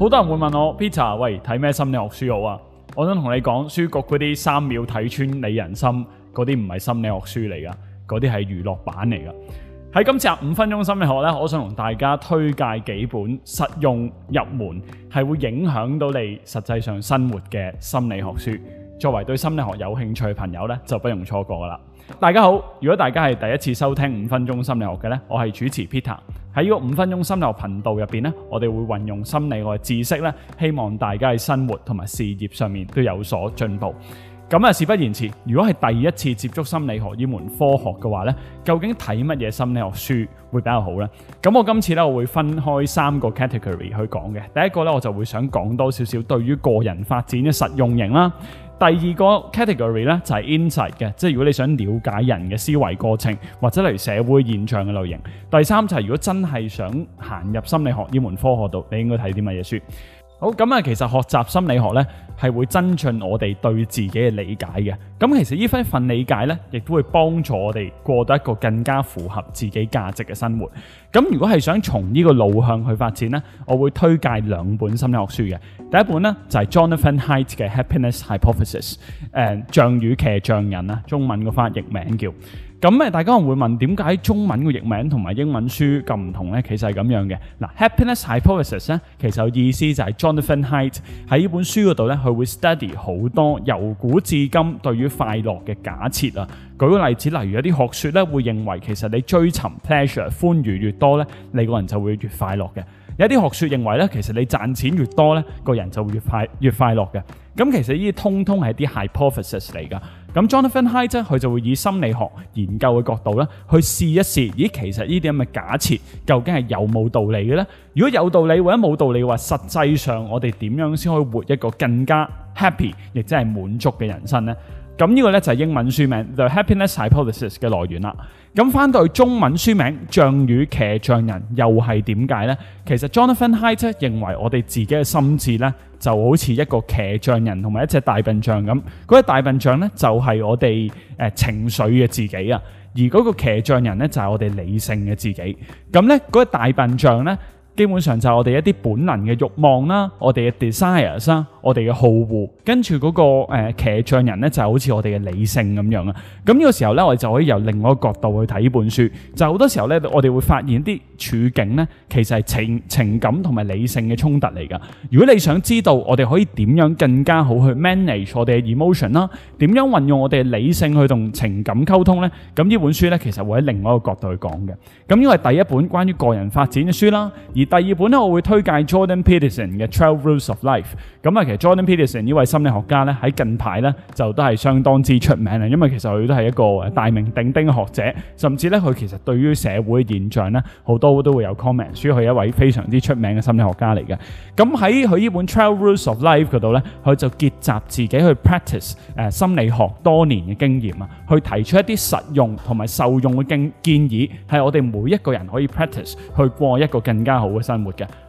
好多人會問我，Peter，喂，睇咩心理學書好啊？我想同你講，書局嗰啲三秒睇穿你人心，嗰啲唔係心理學書嚟噶，嗰啲係娛樂版嚟噶。喺今次五分鐘心理學呢，我想同大家推介幾本實用入門，係會影響到你實際上生活嘅心理學書。作為對心理學有興趣嘅朋友呢，就不容錯過噶啦。大家好，如果大家係第一次收聽五分鐘心理學嘅咧，我係主持 Peter。喺呢個五分鐘心理學頻道入邊咧，我哋會運用心理學知識咧，希望大家喺生活同埋事業上面都有所進步。咁啊，事不宜遲。如果係第一次接觸心理學呢門科學嘅話，呢究竟睇乜嘢心理學書會比較好呢？咁我今次呢，我會分開三個 category 去講嘅。第一個呢，我就會想講多少少對於個人發展嘅實用型啦。第二個 category 呢，就係 insight 嘅，即係如果你想了解人嘅思維過程或者嚟社會現象嘅類型。第三就係如果真係想行入心理學呢門科學度，你應該睇啲乜嘢書？好咁啊，嗯，其實學習心理學呢，係會增進我哋對自己嘅理解嘅。咁，嗯，其實呢一份理解呢，亦都會幫助我哋過到一個更加符合自己價值嘅生活。咁，嗯，如果係想從呢個路向去發展呢，我會推介兩本心理學書嘅。第一本呢，就係 Jonathan Haidt 嘅《Happiness Hypothesis》，誒《象與騎象人啊》啦，中文個翻譯名叫。咁誒，大家可能會問點解中文嘅譯名同埋英文書咁唔同咧？其實係咁樣嘅。嗱，Happiness Hypothesis 咧，其實意思就係 Jonathan Haidt 喺呢本書嗰度咧，佢會 study 好多由古至今對於快樂嘅假設啊。舉個例子，例如有啲學説咧會認為其實你追尋 pleasure 歡愉越多咧，你個人就會越快樂嘅。有啲學説認為咧，其實你賺錢越多咧，個人就會越快越快樂嘅。咁其實呢啲通通係啲 hypothesis 嚟㗎。咁 Jonathan Haidt 則佢就會以心理學研究嘅角度啦，去試一試，咦，其實呢啲咁嘅假設究竟係有冇道理嘅呢？如果有道理，或者冇道理話，話實際上我哋點樣先可以活一個更加 happy，亦即係滿足嘅人生呢？」咁呢個咧就係英文書名《The Happiness Hypothesis》嘅來源啦。咁翻到去中文書名《象與騎象人》，又係點解咧？其實 Jonathan Haidt 認為我哋自己嘅心智咧就好似一個騎象人同埋一隻大笨象咁。嗰隻大笨象咧就係我哋誒情緒嘅自己啊，而嗰個騎象人咧就係我哋理性嘅自己。咁咧嗰隻大笨象咧。基本上就係我哋一啲本能嘅慾望啦，我哋嘅 desires 啦，我哋嘅好惡，跟住嗰、那個誒、呃、騎象人咧，就是、好似我哋嘅理性咁樣啊。咁呢個時候咧，我哋就可以由另外一個角度去睇本書，就好、是、多時候咧，我哋會發現啲處境咧，其實係情情感同埋理性嘅衝突嚟㗎。如果你想知道我哋可以點樣更加好去 manage 我哋嘅 emotion 啦，點樣運用我哋嘅理性去同情感溝通咧，咁呢本書咧，其實會喺另外一個角度去講嘅。咁呢個係第一本關於個人發展嘅書啦，而第二本咧，我會推介 Jordan Peterson 嘅《12 Rules of Life》。咁啊，其實 Jordan Peterson 呢位心理學家咧，喺近排咧就都係相當之出名呀，因為其實佢都係一個大名鼎鼎嘅學者，甚至咧佢其實對於社會現象咧好多。都會有 comment，佢係一位非常之出名嘅心理學家嚟嘅。咁喺佢呢本《12 Rules of Life》嗰度呢，佢就結集自己去 practice 誒、呃、心理學多年嘅經驗啊，去提出一啲實用同埋受用嘅建建議，係我哋每一個人可以 practice 去過一個更加好嘅生活嘅。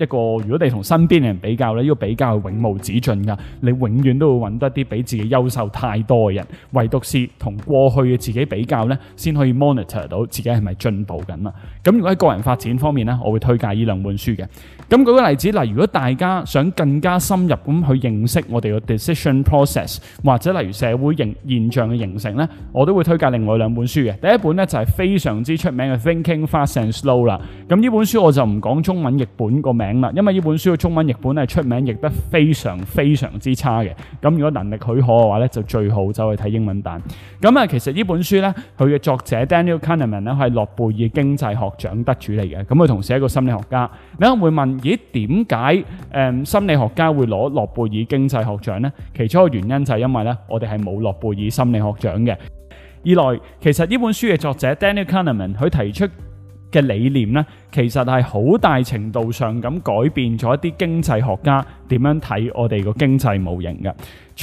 一個如果你同身邊嘅人比較咧，呢個比較永無止盡噶，你永遠都會揾得啲比自己優秀太多嘅人，唯獨是同過去嘅自己比較咧，先可以 monitor 到自己係咪進步緊啦。咁如果喺個人發展方面咧，我會推介呢兩本書嘅。咁舉個例子，嗱，如果大家想更加深入咁去認識我哋嘅 decision process，或者例如社會形現象嘅形成呢，我都會推介另外兩本書嘅。第一本呢就係非常之出名嘅《Thinking Fast and Slow》啦。咁呢本書我就唔講中文譯本個名啦，因為呢本書嘅中文譯本係出名譯得非常非常之差嘅。咁如果能力許可嘅話呢，就最好走去睇英文版。咁啊，其實呢本書呢，佢嘅作者 Daniel Kahneman 呢，係諾貝爾經濟學獎得主嚟嘅，咁佢同時係一個心理學家。你可能會問咦？點解誒心理學家會攞諾貝爾經濟學獎咧？其中一個原因就係因為咧，我哋係冇諾貝爾心理學獎嘅。二來，其實呢本書嘅作者 Daniel Kahneman，佢提出嘅理念咧，其實係好大程度上咁改變咗一啲經濟學家點樣睇我哋個經濟模型嘅。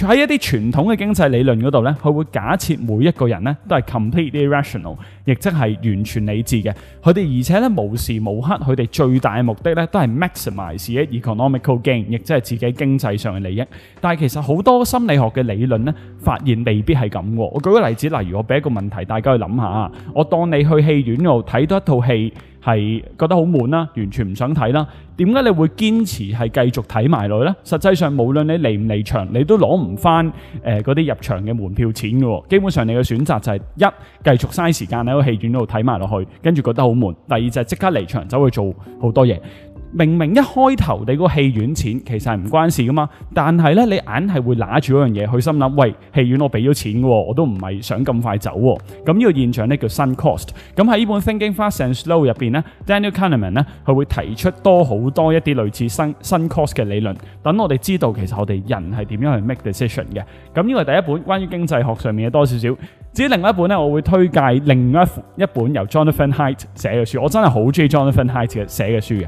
喺一啲傳統嘅經濟理論嗰度呢，佢會假設每一個人呢都係 completely rational，亦即係完全理智嘅。佢哋而且呢無時無刻佢哋最大嘅目的呢都係 maximize 自己 economic gain，亦即係自己經濟上嘅利益。但係其實好多心理學嘅理論呢，發現未必係咁。我舉個例子，例如我俾一個問題大家去諗下啊。我當你去戲院度睇到一套戲。係覺得好悶啦，完全唔想睇啦。點解你會堅持係繼續睇埋落去呢？實際上無論你離唔離場，你都攞唔翻誒嗰啲入場嘅門票錢㗎喎、哦。基本上你嘅選擇就係、是、一繼續嘥時間喺個戲院度睇埋落去，跟住覺得好悶；第二就係即刻離場，走去做好多嘢。明明一開頭你個戲院錢其實係唔關事噶嘛，但係咧你硬係會揦住嗰樣嘢，去心諗喂戲院我俾咗錢嘅、哦、喎，我都唔係想咁快走喎、哦。咁呢個現象咧叫新 cost。咁喺呢本《Thinking Fast and Slow》入邊呢 Daniel Kahneman 咧佢會提出多好多一啲類似新新 cost 嘅理論，等我哋知道其實我哋人係點樣去 make decision 嘅。咁呢個係第一本關於經濟學上面嘅多少少至於另外一本咧，我會推介另外一本由 Jonathan Haid 寫嘅書，我真係好中意 Jonathan Haid 寫嘅書嘅。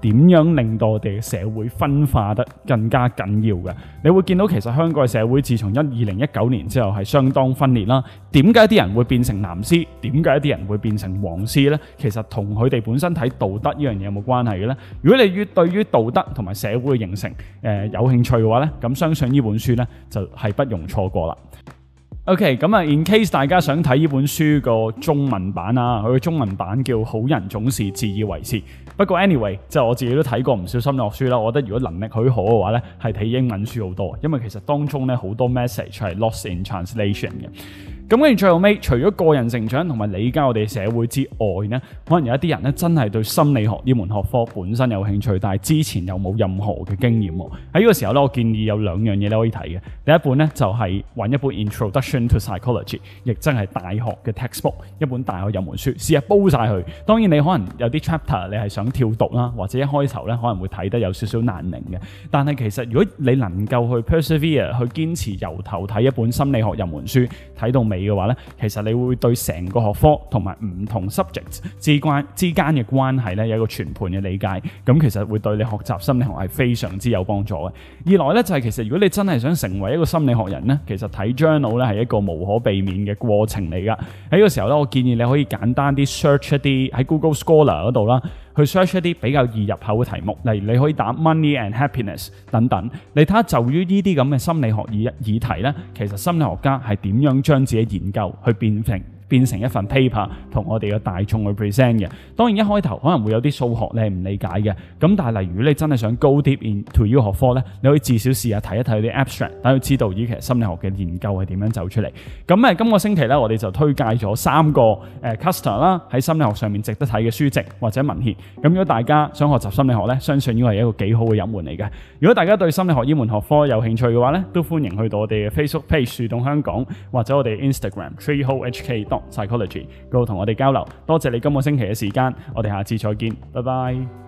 點樣令到我哋嘅社會分化得更加緊要嘅？你會見到其實香港嘅社會自從一二零一九年之後係相當分裂啦。點解啲人會變成藍絲？點解啲人會變成黃絲呢？其實同佢哋本身睇道德呢樣嘢有冇關係嘅呢？如果你越對於道德同埋社會嘅形成誒、呃、有興趣嘅話呢，咁相信呢本書呢，就係、是、不容錯過啦。OK，咁啊，in case 大家想睇呢本書個中文版啊，佢個中文版叫《好人總是自以為是》。不過 anyway，就係我自己都睇過唔少心理學書啦，我覺得如果能力許可嘅話咧，係睇英文書好多，因為其實當中咧好多 message 係 lost in translation 嘅。咁跟住最後尾，除咗個人成長同埋理解我哋社會之外呢，可能有一啲人呢真係對心理學呢門學科本身有興趣，但係之前又冇任何嘅經驗喎。喺呢個時候呢，我建議有兩樣嘢你可以睇嘅。第一本呢，就係揾一本 Introduction to Psychology，亦真係大學嘅 textbook，一本大學入門書，試下煲晒佢。當然你可能有啲 chapter 你係想跳讀啦，或者一開頭呢可能會睇得有少少難明嘅。但係其實如果你能夠去 persevere 去堅持由頭睇一本心理學入門書，睇到尾。你嘅話咧，其實你會對成個學科同埋唔同 subject 之關之間嘅關係咧，有一個全盤嘅理解。咁其實會對你學習心理學係非常之有幫助嘅。二來咧就係、是其實如果你真係想成為一個心理學人咧，其實睇 journal 咧係一個無可避免嘅過程嚟噶。喺、呢個時候咧，我建議你可以簡單啲 search 一啲喺 Google Scholar 嗰度啦。去 search 一啲比較易入口嘅題目，例如你可以打 money and happiness 等等。你睇下就於呢啲咁嘅心理學議議題呢，其實心理學家係點樣將自己研究去變成變成一份 paper 同我哋嘅大眾去 present 嘅。當然一開頭可能會有啲數學你係唔理解嘅。咁但係例如你真係想高啲 into 呢個學科呢，你可以至少試下睇一睇啲 abstract，等佢知道以其實心理學嘅研究係點樣走出嚟。咁、嗯、誒，今個星期呢，我哋就推介咗三個誒、呃、c a s t e r 啦，喺心理學上面值得睇嘅書籍或者文獻。咁、嗯、如果大家想學習心理學呢，相信依個係一個幾好嘅入門嚟嘅。如果大家對心理學依門學科有興趣嘅話呢，都歡迎去到我哋嘅 Facebook page 樹洞香港或者我哋 Instagram treeholehk psychology，佢同我哋交流，多謝你今個星期嘅時間，我哋下次再見，拜拜。